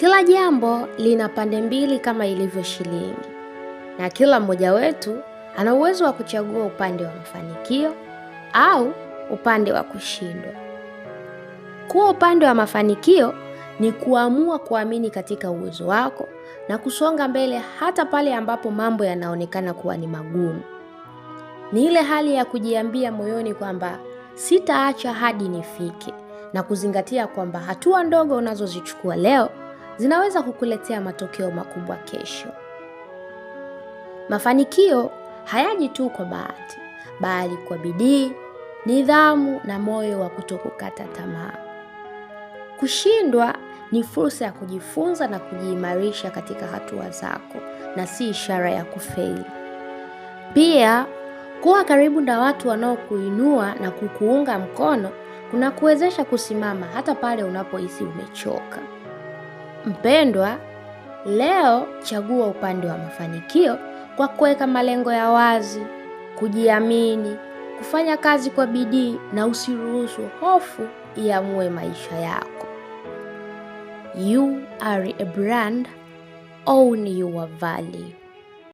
Kila jambo lina pande mbili kama ilivyo shilingi, na kila mmoja wetu ana uwezo wa kuchagua upande wa mafanikio au upande wa kushindwa. Kuwa upande wa mafanikio ni kuamua kuamini katika uwezo wako na kusonga mbele hata pale ambapo mambo yanaonekana kuwa ni magumu. Ni ile hali ya kujiambia moyoni kwamba sitaacha hadi nifike na kuzingatia kwamba hatua ndogo unazozichukua leo zinaweza kukuletea matokeo makubwa kesho. Mafanikio hayaji tu kwa bahati, bali kwa bidii, nidhamu na moyo wa kutokukata tamaa. Kushindwa ni fursa ya kujifunza na kujiimarisha katika hatua zako na si ishara ya kufeli. Pia, kuwa karibu na watu wanaokuinua na kukuunga mkono kunakuwezesha kusimama hata pale unapohisi umechoka. Mpendwa, leo chagua upande wa mafanikio kwa kuweka malengo ya wazi, kujiamini, kufanya kazi kwa bidii na usiruhusu hofu iamue maisha yako. You are a brand, own your value.